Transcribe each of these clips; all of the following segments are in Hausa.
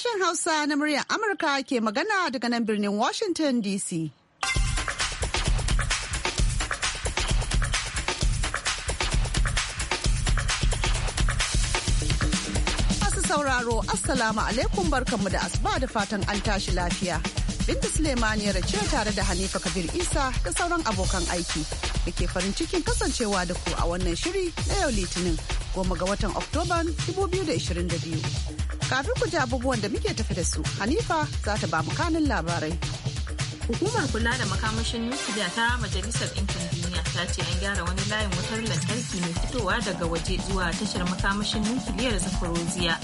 Sashen Hausa na muryar Amurka ke magana daga nan birnin Washington DC. Masu sauraro, Assalamu alaikum barkanmu da asuba da fatan an tashi lafiya. Binta Suleimani ya race tare da Hanifa Kabir Isa da sauran abokan aiki da ke farin cikin kasancewa da ku a wannan shiri na yau Litinin goma ga watan Oktoban 2022. Kafin ku ji abubuwan da muke tafi da su, Hanifa za ta ba mu kanin labarai. Hukumar kula da makamashin nukiliya ta Majalisar Ɗinkin Duniya ta ce an gyara wani layin wutar lantarki mai fitowa daga waje zuwa tashar makamashin nukiliyar zafarozia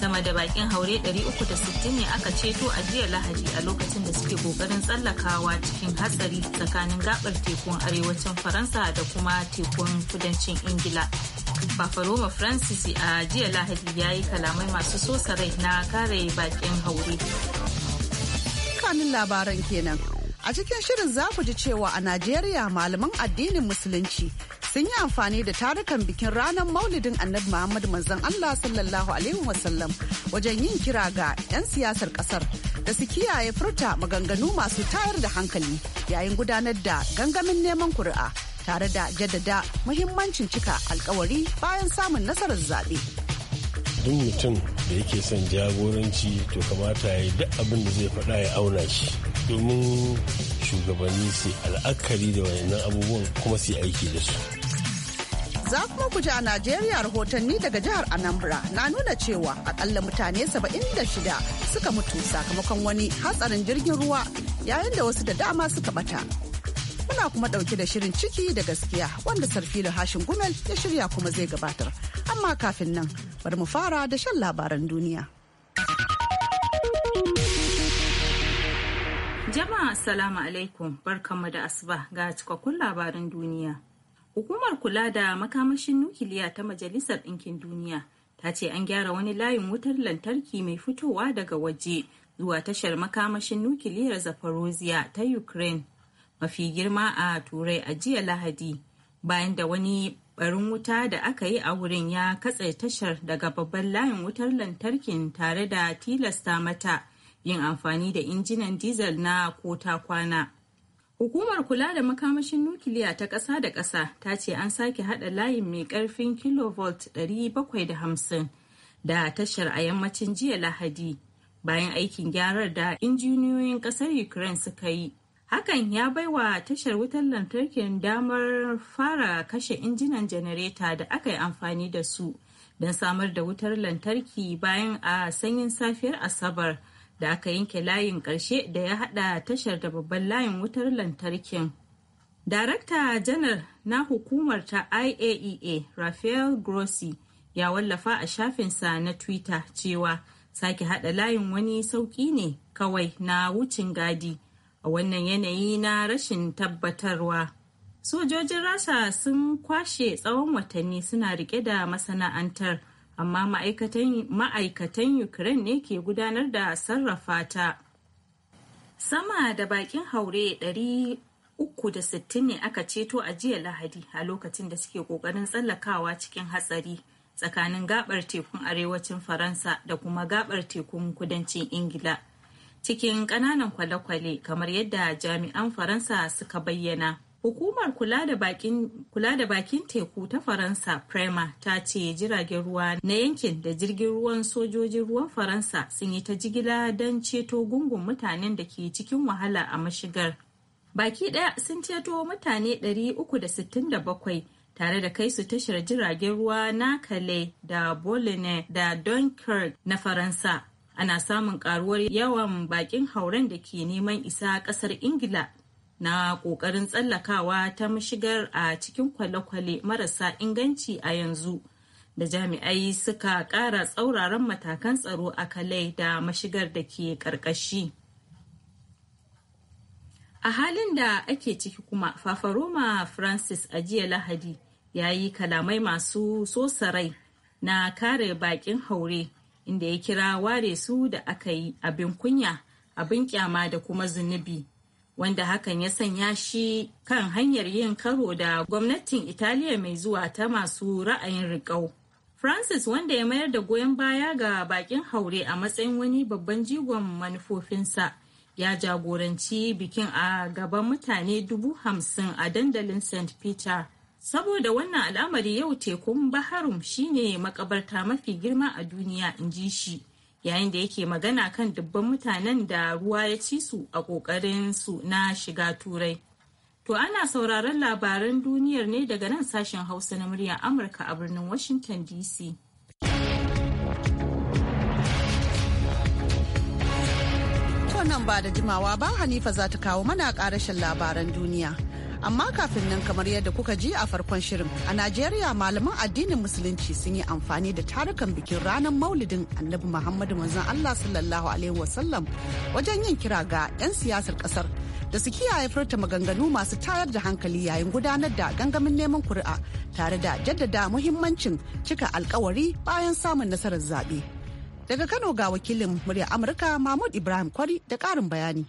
Sama da bakin haure 360 ne aka ceto a jiya Lahadi a lokacin da suke kokarin tsallakawa cikin hatsari tsakanin gabar tekun arewacin Faransa da kuma tekun kudancin Ingila. Bafaroma Francis a jiya Lahadi ya yi kalamai masu sosa rai na kare bakin haure. Kanin labaran kenan. A cikin shirin za ku ji cewa a Najeriya malaman addinin Musulunci sun yi amfani da tarukan bikin ranar maulidin annabi Muhammadu manzon Allah sallallahu Alaihi wasallam wajen yin kira ga 'yan siyasar kasar da su kiyaye furta maganganu masu tayar da hankali yayin gudanar da gangamin neman kuri'a. tare da jaddada muhimmancin cika alkawari bayan samun nasarar zaɓe. duk mutum da yake son jagoranci to kamata ya yi duk abin da zai faɗa ya auna shi domin shugabanni su al'akari da wayannan abubuwan kuma su aiki da su. Za kuma ku ji a Najeriya rahotanni daga jihar Anambra na nuna cewa akalla mutane 76 suka mutu sakamakon wani hatsarin jirgin ruwa yayin da wasu da dama suka bata. muna kuma ɗauke da shirin ciki da gaskiya wanda sarfilo hashin gumel ya shirya kuma zai gabatar amma kafin nan bari mu fara da shan labaran duniya jama'a assalamu alaikum barkanmu da asuba ga cikakkun labaran duniya hukumar kula da makamashin nukiliya ta majalisar ɗinkin duniya ta ce an gyara wani layin wutar lantarki mai fitowa daga waje zuwa tashar makamashin nukiliyar zaporozhia ta ukraine mafi girma a turai a jiya lahadi bayan da wani barin wuta da aka yi a wurin ya katse tashar daga babban layin wutar lantarkin tare da tilasta mata yin amfani da injinan diesel na kota kwana hukumar kula da makamashin nukiliya ta ƙasa da ƙasa ta ce an sake haɗa layin mai ƙarfin kilovolt 750 da tashar a yammacin jiya lahadi bayan aikin gyarar da injiniyoyin ƙasar ukraine suka yi Hakan ya baiwa tashar wutar lantarkin damar fara kashe injinan janareta da aka yi amfani da su don samar da wutar lantarki bayan a sanyin safiyar Asabar da aka yanke layin ƙarshe da ya haɗa tashar da babban layin wutar lantarkin. Darakta janar na hukumar ta IAEA e Rafael Grossi ya wallafa a shafinsa na Twitter cewa sake haɗa layin wani sauƙi ne kawai na wucin gadi. a wannan yanayi na rashin tabbatarwa sojojin rasa sun kwashe tsawon watanni suna rike da masana'antar amma ma'aikatan ukraine ne ke gudanar da sarrafa ta sama da bakin haure 360 ne aka ceto a jiya lahadi a lokacin da suke kokarin tsallakawa cikin hatsari tsakanin gabar tekun arewacin faransa da kuma gabar tekun kudancin ingila cikin ƙananan kwale-kwale kamar yadda jami'an Faransa suka bayyana. Hukumar kula da bakin teku ta Faransa Prema ta ce jiragen ruwa na yankin da jirgin ruwan sojojin ruwan Faransa sun yi ta jigila don ceto gungun mutanen da ke cikin wahala a mashigar. Baki ɗaya sun ceto mutane 367 tare da kai su tashar jiragen ruwa na Calais da Boulogne da Dunkirk na Faransa ana samun karuwar yawan bakin hauren da ke neman isa kasar ingila na kokarin tsallakawa ta mashigar a cikin kwale-kwale marasa inganci a yanzu da jami'ai suka kara tsauraran matakan tsaro a kalai da mashigar da ke karkashi a halin da ake ciki kuma fafaroma francis a jiya lahadi ya yi kalamai masu sosa na kare bakin haure inda ya kira ware su da aka yi abin kunya abin kyama da kuma zunubi wanda hakan ya sanya shi kan hanyar yin karo da gwamnatin italiya mai zuwa ta masu ra'ayin riƙau francis wanda ya mayar da goyon baya ga bakin haure a matsayin wani babban jigon manufofinsa ya jagoranci bikin a gaban mutane dubu hamsin a dandalin st peter saboda wannan al'amari yau tekun baharum shine makabarta mafi girma a duniya in ji shi yayin da yake magana kan dubban mutanen da ruwa ya ci su a kokarin su na shiga turai to ana sauraron labaran duniyar ne daga nan sashen hausa na muryar amurka a birnin washington dc nan ba da jimawa ba hanifa za ta kawo mana ƙarashin labaran duniya amma kafin nan kamar yadda kuka ji a farkon shirin a najeriya malaman addinin musulunci sun yi amfani da tarukan bikin ranar maulidin annabi muhammadu manzon allah sallallahu alaihi wasallam wajen yin kira ga 'yan siyasar kasar da su kiyaye furta maganganu masu tayar da hankali yayin gudanar da gangamin neman kuri'a tare da jaddada muhimmancin cika alkawari bayan samun nasarar zaɓe. daga kano ga wakilin murya amurka mahmud ibrahim kwari da ƙarin bayani.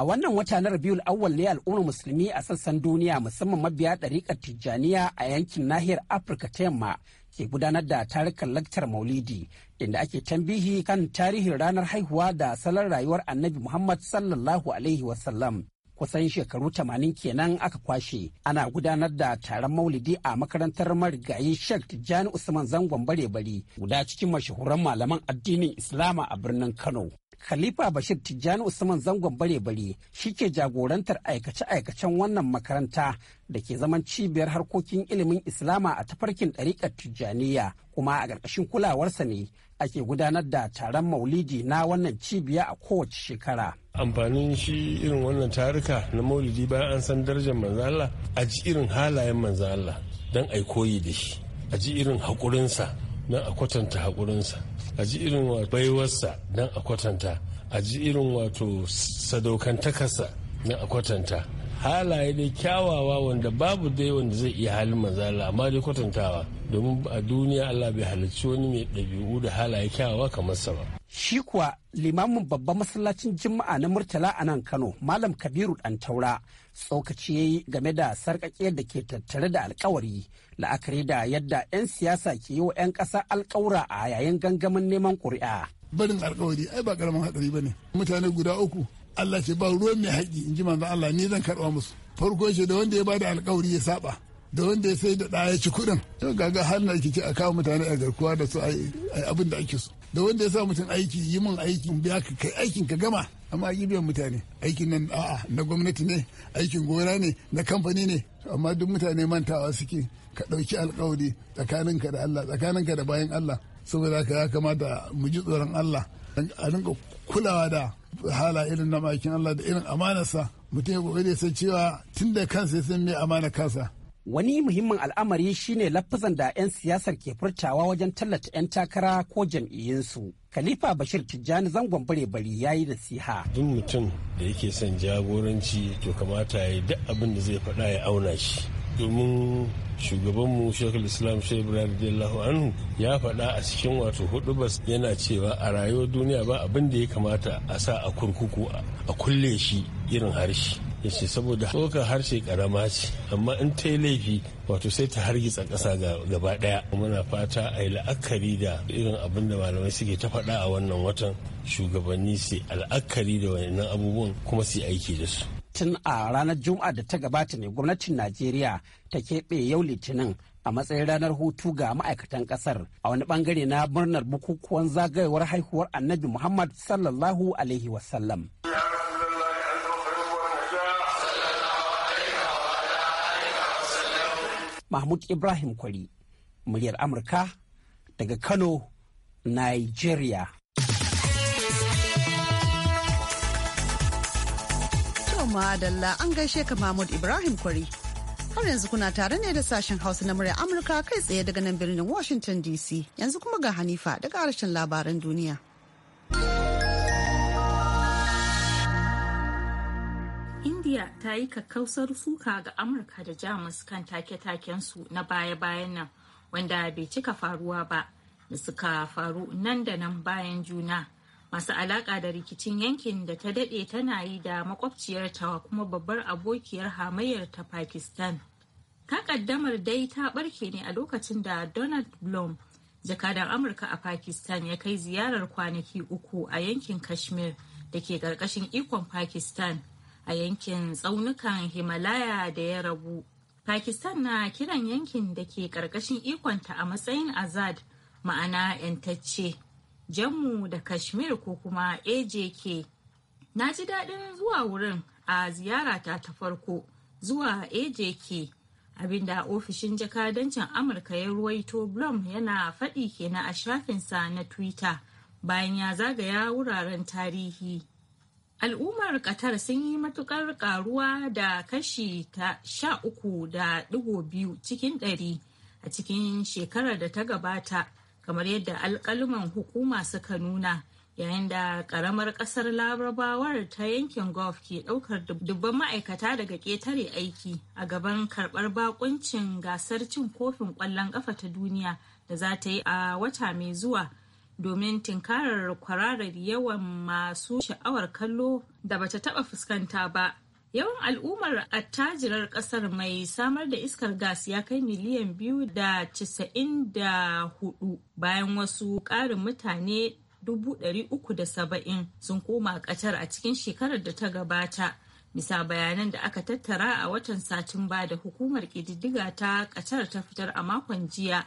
A wannan wata na Rabiul Awwal ne al'ummar musulmi a sassan duniya musamman mabiya ɗariƙar Tijjaniya a yankin nahiyar Afirka ta yamma ke gudanar da tarukan laktar Maulidi inda ake tambihi kan tarihin ranar haihuwa da salon rayuwar Annabi Muhammad sallallahu alaihi wasallam. kusan shekaru 80 kenan aka kwashe ana gudanar da taron maulidi a makarantar marigayi shek tijjani usman zangon bare-bare guda cikin mashahuran malaman addinin islama a birnin kano Khalifa Bashir Tijjani Usman zangon bare-bare shi ke jagorantar aikace-aikacen wannan makaranta da ke zaman cibiyar harkokin ilimin Islama a tafarkin ɗariƙar Tijjaniya kuma a ƙarƙashin kulawarsa ne ake gudanar da taron maulidi na wannan cibiya a kowace shekara. Amfanin shi irin wannan taruka na maulidi bayan an san darajar manzo Allah a ji irin halayen manzo Allah don a koyi da shi a ji irin haƙurinsa don a kwatanta haƙurinsa a ji irin baiwarsa don a kwatanta a ji irin wato sadaukantakarsa na a kwatanta halaye dai kyawawa wanda babu dai wanda zai iya halin manzala amma dai kwatantawa domin a duniya allah bai halarci wani mai ɗabi'u da halaye kyawawa kamar sa ba Shi kuwa limamin babban masallacin Juma'a na Murtala a nan Kano, Malam Kabiru Ɗantaura, tsokaci ya yi game da sarƙaƙiyar da ke tattare da alkawari, la'akari da yadda 'yan siyasa ke yi wa 'yan ƙasa alkawura a yayin gangamin neman ƙuri'a. Barin alkawari ai ba karamin hatsari ba ne. Mutane guda uku, Allah ce ba ruwa mai haƙi in ji Allah ni zan karɓa musu. Farko shi da wanda ya bada alkawari ya saba. da wanda ya sai da ɗaya ci kuɗin to gaga har na ce a kawo mutane a garkuwa da su a abin da ake so da wanda ya sa mutum aiki yi min aikin biya ka kai aikin ka gama amma ake biyan mutane aikin nan a'a na gwamnati ne aikin gora ne na kamfani ne amma duk mutane mantawa suke ka ɗauki alkawari tsakaninka da Allah tsakaninka da bayan Allah saboda ka ya kamata mu ji tsoron Allah a rinka kulawa da hala irin na makin Allah da irin amanarsa mutum ya kokari san cewa tun da kansa ya san me amana kansa Wani muhimmin al'amari shine lafazan da 'yan siyasar ke furtawa wajen tallata 'yan takara ko jam'iyyinsu. Khalifa Bashir Tijjani zangon bare-bari ya yi nasiha. Duk mutum da yake son jagoranci to kamata ya yi duk abin da zai faɗa ya auna shi. Domin shugabanmu shekul islam shai radiyallahu anhu ya faɗa a cikin wato bas yana cewa a rayuwar duniya ba abin da ya kamata a sa a kurkuku a kulle shi irin harshe ya ce saboda tsokar harshe karama ce amma in ta yi laifi wato sai ta hargitsa ƙasa gaba ɗaya muna fata a yi la'akari da irin abin da malamai suke ta faɗa a wannan watan shugabanni su al'akari da wannan abubuwan kuma su aiki da su tun a ranar juma'a da ta gabata ne gwamnatin najeriya ta keɓe yau litinin a matsayin ranar hutu ga ma'aikatan kasar a wani bangare na murnar bukukuwan zagayowar haihuwar annabi muhammad sallallahu alaihi wasallam mahmud ibrahim kwari muryar amurka daga kano nigeria madalla an gaishe ka mahmud ibrahim kwari har yanzu kuna tare ne da sashen hausa na muryar amurka kai tsaye daga nan birnin washington dc yanzu kuma ga hanifa daga harshen labaran duniya Saudiya ta yi kakkausar suka ga Amurka da Jamus kan take-takensu na baya-bayan nan wanda bai cika faruwa ba da suka faru nan da nan bayan juna masu alaƙa da rikicin yankin da ta daɗe tana yi da makwabciyarta kuma babbar abokiyar hamayyar ta Pakistan. Takaddamar dai ta ɓarke ne a lokacin da Donald Blum jakadan amurka a pakistan ya kai ziyarar kwanaki uku a yankin kashmir da ke ƙarƙashin ikon pakistan a yankin tsaunukan himalaya da ya rabu pakistan na kiran yankin da ke karkashin ikonta a matsayin azad ma'ana 'yantacce jammu da kashmir ko kuma ajk na ji daɗin zuwa wurin a ziyarata ta farko zuwa ajk abinda ofishin jakadancin amurka ya ruwaito blom yana faɗi kenan a shafinsa na twitter bayan ya zagaya wuraren tarihi al'ummar qatar sun yi matukar karuwa da kashi ta sha uku da digo biyu cikin ɗari a cikin shekarar da ta gabata kamar yadda alkaluman hukuma suka nuna yayin da karamar kasar larabawar ta yankin gulf ke daukar dubban ma'aikata daga ketare aiki a gaban karbar bakuncin gasar cin kofin kwallon kafa ta duniya da za ta yi a wata mai zuwa domin tinkarar kwararar yawan masu sha'awar kallo da bata taba fuskanta ba. Yawan al'ummar attajirar kasar mai samar da iskar gas ya kai miliyan biyu da casa'in da hudu bayan wasu ƙarin mutane dubu ɗari uku da saba'in sun koma ƙatar a cikin shekarar da ta gabata. bisa bayanan da aka tattara a watan satumba da hukumar ƙididdiga ta ƙatar ta fitar a makon jiya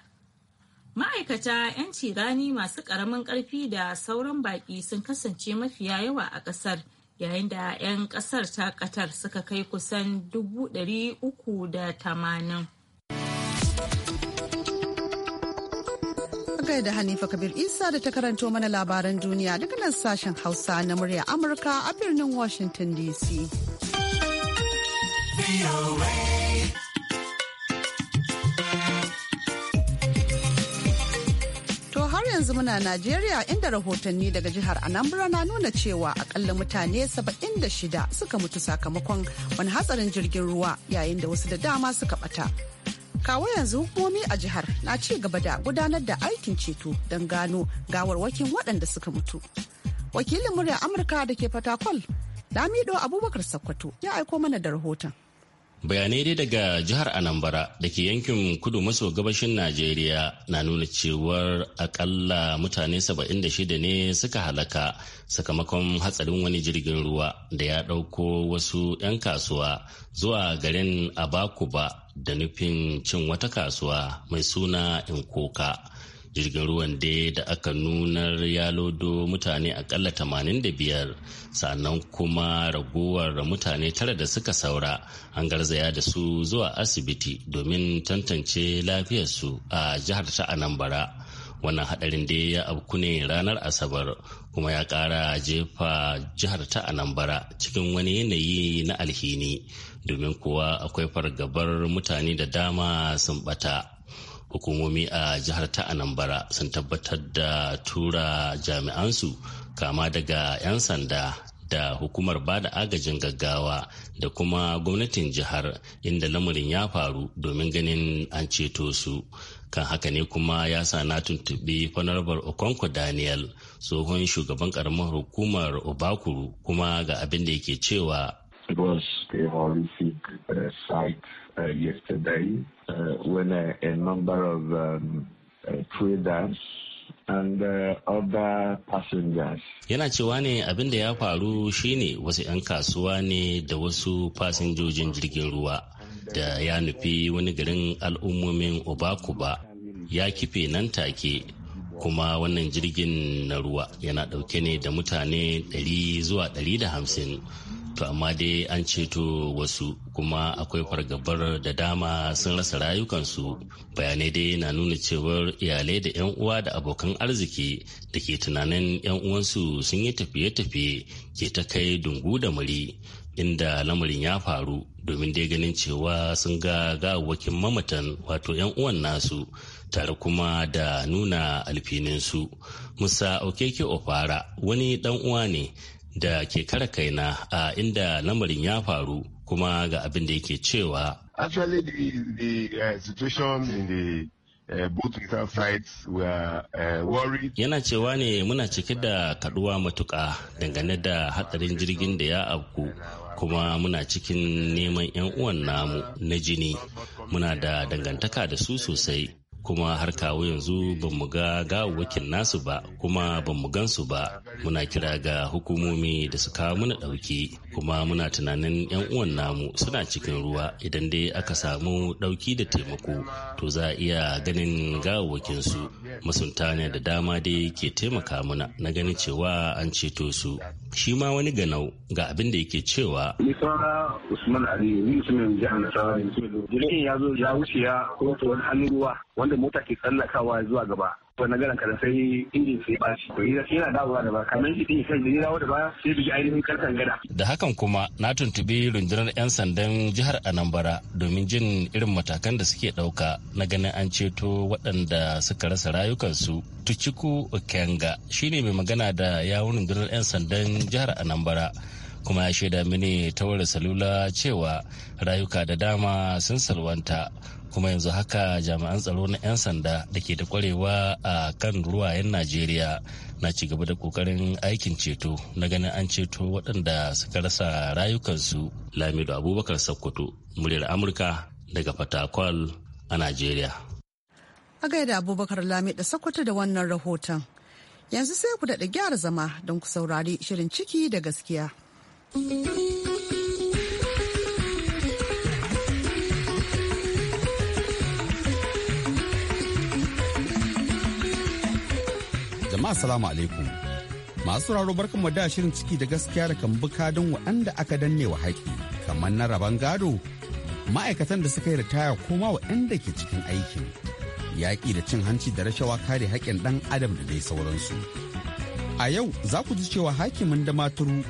ma'aikata 'yanci rani masu ƙaramin ƙarfi da sauran baƙi sun kasance mafiya yawa a ƙasar yayin da 'yan ƙasar ta ƙatar suka kai kusan 380 da Hanifa Kabir Isa da ta karanto mana labaran duniya daga nan sashen Hausa na murya Amurka a birnin Washington DC. yanzu muna Najeriya inda rahotanni daga jihar Anambra na nuna cewa akalla mutane 76 suka mutu sakamakon wani hatsarin jirgin ruwa yayin da wasu da dama suka bata. Kawo yanzu hukumomi a jihar na ci gaba da gudanar da aikin ceto don gano gawarwakin waɗanda suka mutu. Wakilin murya Amurka da ke Fatakwal, Lamido Abubakar Sakkwato ya aiko mana da rahoton. bayanai dai daga jihar Anambara da ke yankin kudu maso gabashin najeriya na nuna cewar akalla mutane 76 ne suka halaka sakamakon hatsarin wani jirgin ruwa da ya ɗauko wasu 'yan kasuwa zuwa garin abakuba da nufin cin wata kasuwa mai suna inkoka jirgin ruwan dai da aka nunar ya lodo mutane akalla biyar sannan kuma ragowar mutane tara da suka saura an garzaya da su zuwa asibiti domin tantance lafiyarsu a jihar ta anambra wannan hadarin dai ya abku ne ranar asabar kuma ya kara jefa jihar ta anambra cikin wani yanayi na alhini domin kuwa akwai fargabar mutane da dama sun bata hukumomi a jihar ta anambra sun tabbatar da tura jami'ansu kama daga 'yan sanda da hukumar ba da agajin gaggawa da kuma gwamnatin jihar inda lamarin ya faru domin ganin an ceto su kan haka ne kuma ya sa na tuntuɓi fanarbar okonkwo daniel tsohon shugaban karamar hukumar obakuru kuma ga abin da yake cewa Uh, when a, a number of um, uh, traders and uh, other passengers. Yana cewa ne abin da ya faru shine wasu 'yan kasuwa ne da wasu fasinjojin jirgin ruwa da ya nufi wani garin al'ummomin Obakuba ya kife nan take kuma wannan jirgin na ruwa yana dauke ne da mutane 100 zuwa 150 to amma dai an ceto wasu kuma akwai fargabar da dama sun rasa rayukansu bayanai dai na nuna cewar iyalai da 'yan uwa da abokan arziki da ke tunanin 'yan uwansu sun yi tafiye-tafiye ke ta kai dungu da muri inda lamarin ya faru domin dai ganin cewa sun ga gawakin mamatan wato 'yan uwan nasu tare kuma da nuna alfininsu musa okeke ofara wani dan uwa ne da ke kara kaina a inda lamarin ya faru kuma ga abin da yake cewa. Actually the, the uh, uh, uh Yana cewa ne muna cike da kaduwa matuka dangane da hatsarin jirgin da ya afku kuma muna cikin neman 'yan uwan namu na jini muna da dangantaka da su sosai kuma har kawo yanzu ba mu ga gawawwakin nasu ba kuma ba mu gansu ba muna kira ga hukumomi da su kawo muna ɗauki kuma muna tunanin 'yan uwan namu suna cikin ruwa idan dai aka samu ɗauki da taimako to za a iya ganin gawawakin su masunta ne da dama dai ke taimaka muna na ganin cewa an ceto su shi ma wani ganau ga abin da yake cewa Usman Ali, Usman Jihar ya zo ya wuce ya wani hannun ruwa wanda mota ke tsallakawa zuwa gaba wannan garan kada sai injin sai bashi to yana dawowa da ba kamar shi din da da ba sai bigi ainihin karkan gada da hakan kuma na tuntubi rundunar yan sandan jihar Anambra domin jin irin matakan da suke dauka na ganin an ceto waɗanda suka rasa rayukansu Tuchiku Okenga shine mai magana da yawun rundunar yan sandan jihar Anambra kuma ya shaida mini ta wurin salula cewa rayuka da dama sun salwanta kuma yanzu haka jami'an tsaro na 'yan sanda da ke da kwarewa a kan ruwayen najeriya na ci gaba da kokarin aikin ceto na ganin an ceto waɗanda suka rasa rayukansu lamido abubakar sokoto muryar amurka daga fatakwal a najeriya a da abubakar lami da sokoto da wannan rahoton yanzu sai ku daɗa gyara zama don ku saurari shirin ciki da gaskiya. jama'a salamu alaikum masu raro barkan da shirin ciki da gaskiya da kan don waɗanda aka danne wa haƙi kamar na raban gado ma'aikatan da suka yi ritaya koma waɗanda ke cikin aikin yaƙi da cin hanci da rashawa kare haƙƙin ɗan adam da dai sauransu a yau za ku ji cewa hakimin da maturu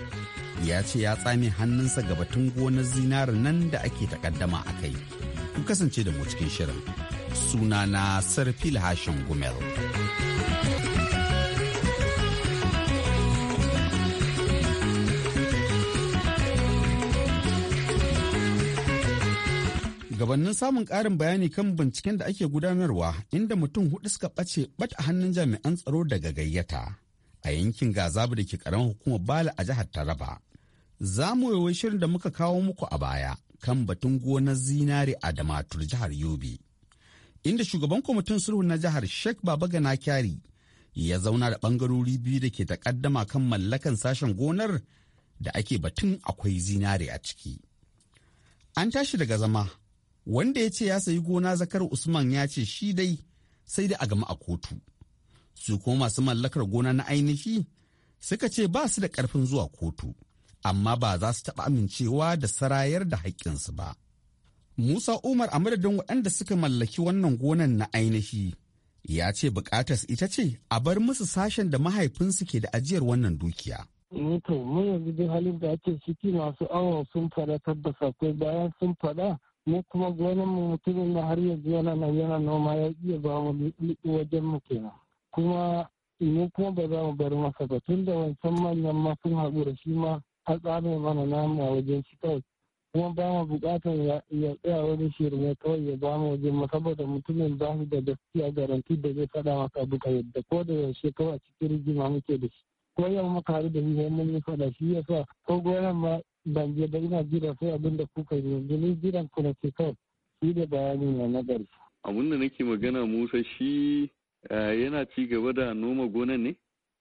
ya ce ya tsame hannunsa ga batun gonar zinarin nan da ake takaddama a kai ku kasance da mu cikin shirin sunana sarfil hashin gumel. shugabannin samun ƙarin bayani kan binciken da ake gudanarwa inda mutum hudu suka ɓace bat a hannun jami'an tsaro daga gayyata a yankin gazabu da ke ƙaramin hukumar bala a jihar taraba za mu yi shirin da muka kawo muku a baya kan batun gonar zinare a damatur jihar yobe inda shugaban kwamitin sulhu na jihar baba gana kyari ya zauna da bangarori biyu da ke takaddama kan mallakan sashen gonar da ake batun akwai zinare a ciki an tashi daga zama wanda ya ce ya sayi gona zakar usman ya ce shi dai sai da a gama a kotu su kuma masu mallakar gona na ainihi suka ce ba su da karfin zuwa kotu amma ba za su taɓa amincewa da sarayar da haƙƙinsu ba musa umar a madadin waɗanda suka mallaki wannan gonan na ainihi ya ce buƙatar ita ce a bar musu sashen da mahaifinsu ke da ajiyar wannan dukiya mutum eh mun yanzu duk halin da ake ciki masu awon sun fada tabbasa ko bayan sun fada? mu kuma gonan mu mutumin na har yanzu yana nan yana noma ya iya ba mu wajen mu kenan kuma mu kuma ba za mu bar masa ba tun da wancan manyan ma sun haɗu da shi ma har tsarin mana namu a wajen shi kawai kuma ba mu buƙatar ya tsaya wani shirme kawai ya ba mu wajen mu saboda mutumin ba da gaskiya garanti da zai faɗa maka duka yadda ko da yaushe kawai cikin rigima muke da shi kuma yau maka haɗu da hihe mun yi faɗa shi ya sa ko gonan ma ban je ba ina jira sai abin da kuka yi yanzu ni jiran ku na ke kawai shi da bayani na na gari. abin da nake magana musa shi eh, yana ci gaba da noma gonan ne?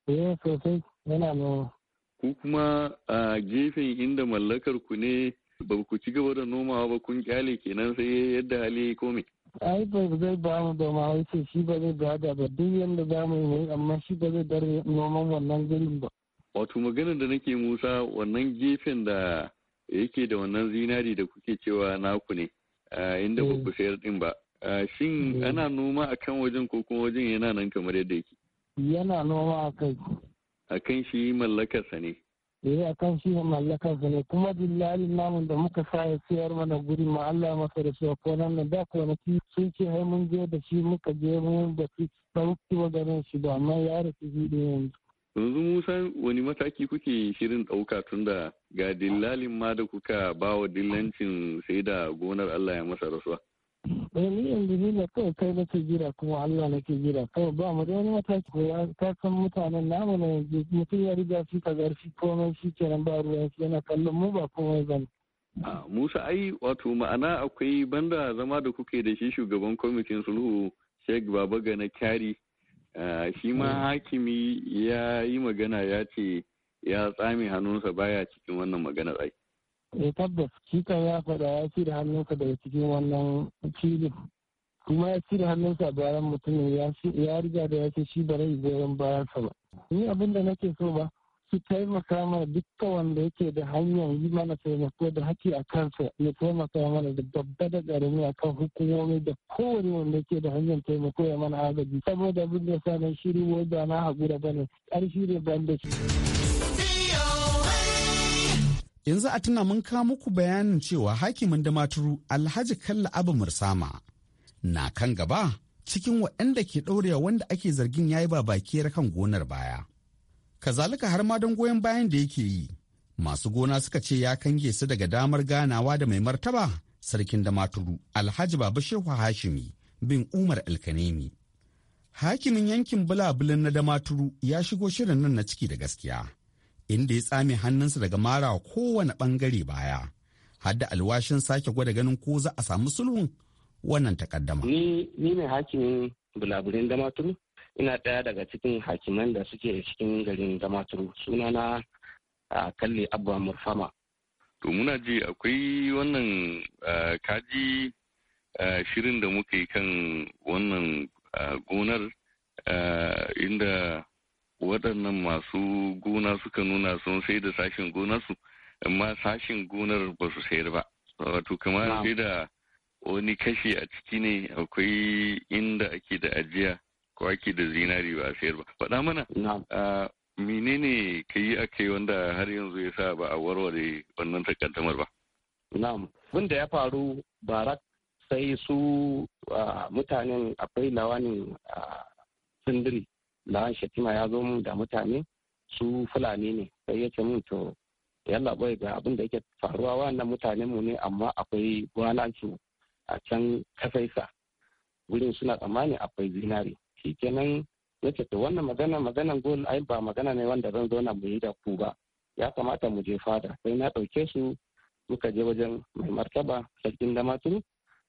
eh sosai yana noma. ku kuma a gefen inda mallakar ku ne ba ku ci gaba da nomawa ba kun kyale kenan sai yadda hali ya yi komai. ai ba zai ba mu da ma yace shi ba zai ba da ba duk yadda za mu yi amma shi ba zai dare noman wannan gurin ba wato maganar da nake musa wannan gefen da yake da wannan zinari da kuke cewa naku ne inda ba ku eh. sayar din ba shin eh. ana noma a kan wajen ko kuma wajen yana nan kamar yadda yake yana noma a kai a kan shi mallakarsa ne yayi akan shi ne mallakan sa ne kuma dillalin namun da muka sa ya sayar mana guri ma Allah masa da shi ko nan da kwanaki sun ce hai mun je da shi muka je mun da shi ba ci shi ba amma ya rasu shi da yanzu yanzu musa wani mataki kuke shirin ɗauka tun da ga dillalin ma da kuka ba wa dillancin sai da gonar allah ya masa rasuwa domin eh, yanzu ni na kawai kai nake jira kuma Allah nake jira kawai ba mu da wani mataki ko ta san mutanen namu na yanzu mutum ya riga shi ka zarfi komai shi ke kenan ba ruwan shi yana kallon mu ba komai ba Musa ai wato ma'ana akwai banda zama da kuke da shi shugaban kwamitin sulhu Sheikh Babaga na kyari shi ma eh. hakimi ya yi magana ya ce ya tsame hannunsa baya cikin wannan magana ai. eh tabbas shi kan ya faɗa ya ci da hannunsa daga cikin wannan filin kuma ya ci da hannunsa bayan mutumin ya riga da ya ce shi ba rai goyon bayansa ba ni abin da nake so ba su taimaka mana duka wanda yake da hanyar yi mana taimako da haƙƙi a kansa ya taimaka mana da babba da ƙarami a kan hukumomi da kowane wanda yake da hanyar taimako ya mana agaji saboda abin da sa na shiri wanda na haƙura bane ƙarshi ne ban da shi. yanzu a tuna mun kawo muku bayanin cewa hakimin da maturu alhaji kalla abu mursama na kan gaba cikin waɗanda ke ɗaurewa wanda ake zargin ya yi ba babakiyar kan gonar baya kazalika har ma don goyon bayan da yake yi masu gona suka ce ya kange su daga damar ganawa da mai martaba sarkin da maturu alhaji baba shehu hashimi bin umar alkanemi hakimin yankin bulabulin na damaturu ya shigo shirin nan na ciki da gaskiya inda ya tsame hannunsa daga mara kowane bangare baya har alwashin sake gwada ganin ko za a samu sulhun wannan takaddama. Ni ni mai hakimin bulaburin damaturu ina ɗaya daga cikin hakiman da suke cikin garin damaturu sunana a kalli abuwa murfama. To muna ji akwai wannan kaji shirin da muka yi kan wannan gonar inda waɗannan masu gona suka nuna sun sai da sashen gonarsu amma sashen gonar ba su sayar ba wato kamar sai da wani kashi a ciki ne akwai inda ake da ajiya ko ake da zinari ba a sayar ba faɗa mana menene ka yi aka yi wanda har yanzu ya sa ba a warware wannan takaddamar ba na'am abin ya faru barak sai su mutanen akwai lawanin sindiri na shatima ya zo mun da mutane su fulani ne sai ya ce mun to yalla bai ga abin da yake faruwa wannan mutane mu ne amma akwai gwanansu a can kasaisa wurin suna tsammani akwai zinari kenan ya ce to wannan magana maganan gol ai ba magana ne wanda zan zauna mu yi da ku ba ya kamata mu je fada sai na ɗauke su muka je wajen mai martaba sarkin damaturu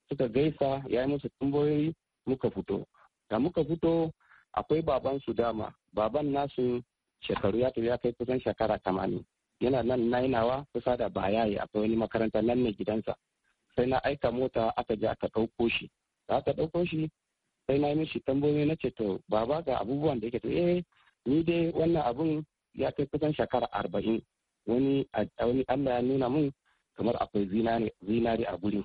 suka gaisa ya yi musu tambayoyi muka fito da muka fito akwai baban su dama baban nasu shekaru ya ya kai kusan shekara tamanin yana nan na yinawa kusa da bayaye akwai wani makaranta nan ne gidansa sai na aika mota aka je aka ɗauko shi da aka ɗauko shi sai na yi mishi tambayoyi na ce to baba ga abubuwan da yake to eh ni dai wannan abun ya kai kusan shekara arba'in wani wani allah ya nuna mun kamar akwai zinari a guri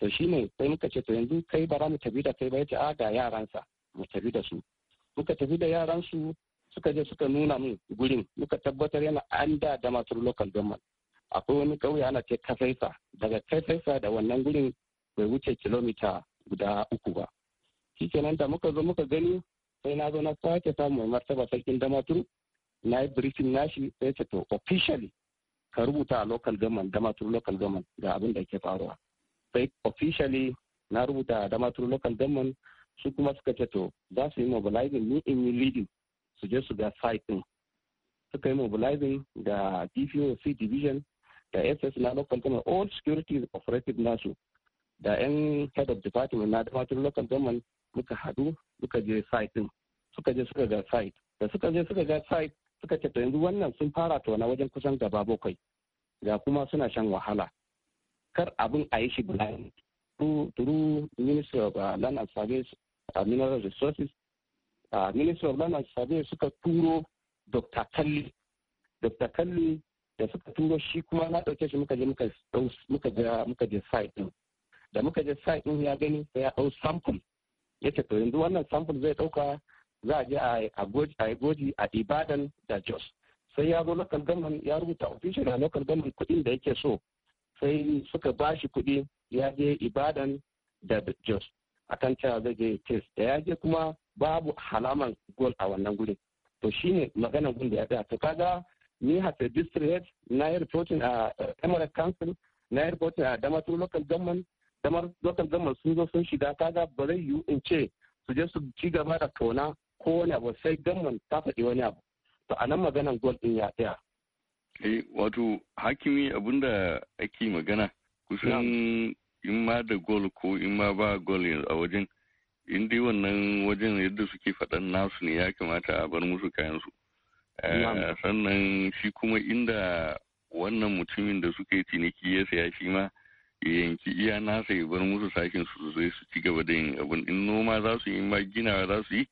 to shine sai muka ce to yanzu kai bara mu tafi da kai ba ce a ga yaransa mu tafi da su muka tafi da yaransu suka je suka nuna min gurin muka tabbatar yana an da masu local government akwai wani kauye ana ce kasaisa daga kasaisa da wannan gurin bai wuce kilomita guda uku ba kenan da muka zo muka gani sai na zo na sake samu mai martaba sarkin damaturu na yi briefing nashi sai ce to officially ka rubuta a local government damaturu local government ga abin da ke faruwa sai officially na rubuta damaturu local government su kuma suka ce to za su yi mobilizing ni in yi leading su je su ga site din suka yi mobilizing da dpoc division da ss na local government all security operative nasu da yan head of department na department local government muka hadu muka je site din suka je suka ga site da suka je suka ga site suka ce to yanzu wannan sun fara tona wajen kusan gaba bakwai ga kuma suna shan wahala kar abin a yi shi blind through ministry of uh, land and service mineral resources a minister of land and suka turo dr kalli dr kalli da suka turo shi kuma na ɗauke shi muka je muka je site din da muka je site din ya gani sai ya dau sample ya ce to yanzu wannan sample zai ɗauka za a je a yi goji a ibadan da jos sai ya zo local government ya rubuta official a local government kuɗin da yake so sai suka ba shi kuɗi ya je ibadan da jos akan cewa zai je test da ya je kuma babu halaman gol a wannan guri to shine magana gun da ya tsaya to kaga ni hasa district na yi reporting a eh, emirate council na yi reporting a damatu local government damar local government sun zo sun shiga kaga ba zai yiwu in ce su je su ci gaba da tona ko wani abu sai government ta faɗi wani abu to a nan maganan gol din ya tsaya eh wato hakimi abinda ake magana kusan in ma da gol ko in ma ba gol a wajen in wannan wajen yadda suke faɗan nasu ne ya kamata a bar musu kayansu eh, sannan shi kuma inda wannan mutumin da suka yi ciniki ya saya shi ma ya yanki iya nasa ya bar musu sashen su zai su ci gaba da yin abin in noma za su yi ma ginawa za su yi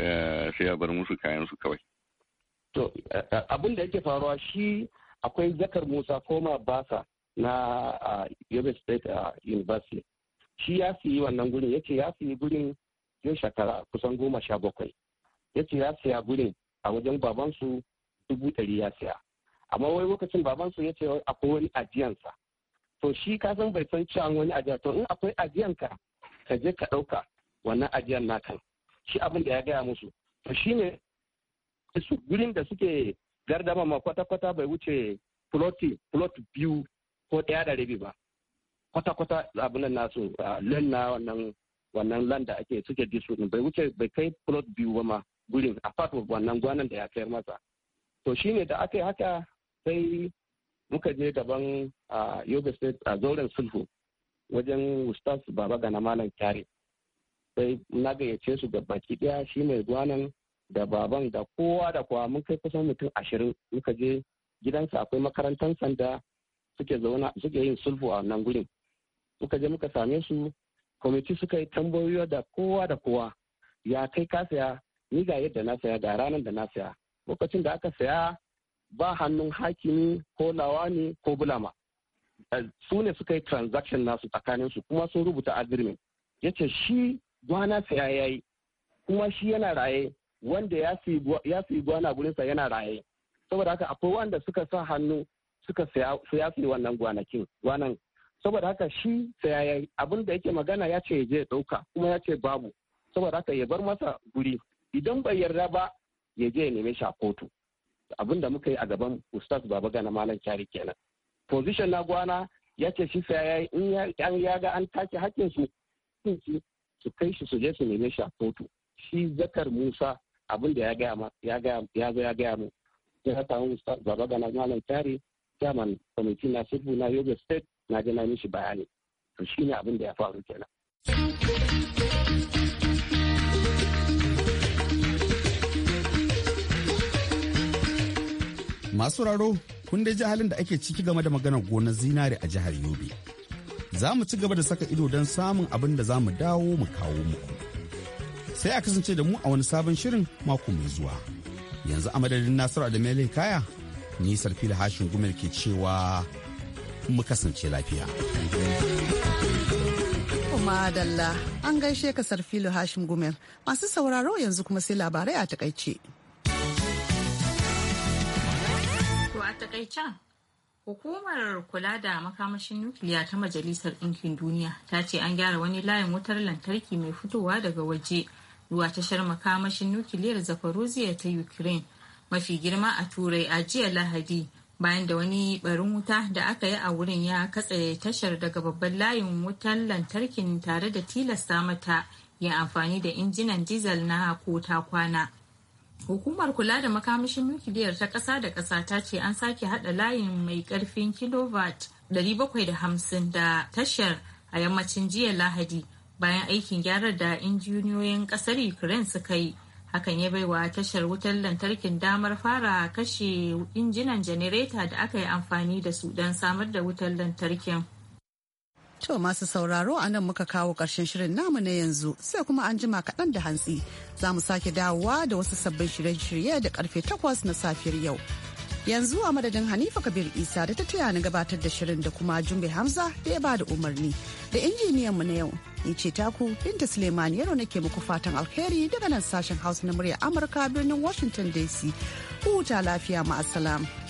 eh, sai a bar musu kayansu kawai to eh, abin da yake faruwa shi akwai zakar musa koma basa na Yobe State University. Shi ya siyi wannan gurin, ya ce ya siyi gurin yau shekara kusan goma sha bakwai. Ya ce ya siya gurin a wajen babansu dubu ɗari ya siya. Amma wai lokacin babansu ya ce akwai wani ajiyansa. To shi kasan bai san cewa wani ajiya to in akwai ajiyanka ka je ka ɗauka wannan ajiyan nakan. Shi abin da ya gaya musu. To shi ne su gurin da suke gardama ma kwata-kwata bai wuce plot biyu ko ɗaya da rabi ba kwata-kwata abin nan nasu len na wannan wannan land da ake suke disu bai wuce bai kai plot biyu ba ma gurin part of wannan gwanan da ya sayar masa to shine da aka yi haka sai muka je gaban a yoga state a zauren sulhu wajen ustaz baba gana malam kare sai na gayyace su ga baki daya shine gwanan da baban da kowa da kowa mun kai kusan mutum ashirin muka je gidansa akwai makarantar sanda suke zauna suke yin sulhu a wannan gurin muka je muka same su kwamiti suka yi tambayoyi da kowa da kowa ya kai ka saya ni ga yadda na saya da ranar da na saya lokacin da aka saya ba hannun hakimi ko lawani ko bulama eh, su ne suka yi transaction nasu tsakanin su kuma sun rubuta agreement yace shi gwana saya ya yi kuma shi yana raye wanda ya su yi gwana gurinsa yana raye saboda haka akwai wanda suka sa hannu suka saya su wannan gwanakin gwanan saboda haka shi sayayen abin da yake magana ya ce je dauka kuma ya ce babu saboda haka ya bar masa guri idan bai yarda ba ya je ya neme shi a kotu abin da muka yi a gaban ustaz baba gana malam kyari kenan position na gwana ya ce shi sayayen in ya ga an take hakkin su su kai shi su je su neme shi a kotu shi zakar musa abin da ya gaya ya ga ya ga mu sai haka ustaz baba gana malam kyari chairman kwamiti na sifu na yoga state na ji mishi bayani to ne abin da ya faru kenan masu raro kun dai ji halin da ake ciki game da maganar gonar zinare a jihar yobe za mu ci gaba da saka ido don samun abin da za mu dawo mu kawo muku sai a kasance da mu a wani sabon shirin mako mai zuwa yanzu a madadin nasiru da mele kaya ni sarfil hashin gumel ke cewa mu kasance lafiya kuma dalla an gaishe ka sarfilo hashim gumel masu sauraro yanzu kuma sai labarai a takaice to a takaicen Hukumar kula da makamashin nukiliya ta Majalisar Ɗinkin Duniya ta ce an gyara wani layin wutar lantarki mai fitowa daga waje ruwa tashar makamashin nukiliyar Zaporozhye ta Ukraine mafi girma a turai a jiya lahadi bayan da wani barin wuta da aka yi a wurin ya katse tashar daga babban layin wutan lantarkin tare da tilasta mata yin amfani da injinan dizal na kota kwana hukumar kula da makamashin nukiliyar ta ƙasa da ƙasa ta ce an sake hada layin mai karfin kilowatt 750 da tashar a yammacin jiya lahadi bayan aikin gyara da injiniyoyin kasar ukraine suka yi hakan ya baiwa tashar wutar lantarkin damar fara kashe injinan janareta da aka yi amfani da su don samar da wutar lantarkin To masu sauraro a nan muka kawo ƙarshen shirin namu na yanzu sai kuma an jima kaɗan da hantsi za mu sake dawowa da wasu sabbin shirye-shirye da karfe takwas na safiyar yau. yanzu a madadin hanifa kabir isa da ta taya ni gabatar da shirin da kuma jumbe hamza da ya bada umarni da injiniyanmu na yau ni ce taku binta suleiman yaro nake muku fatan alheri daga nan sashen hausa na murya amurka birnin washington dc huta lafiya ma'asalam.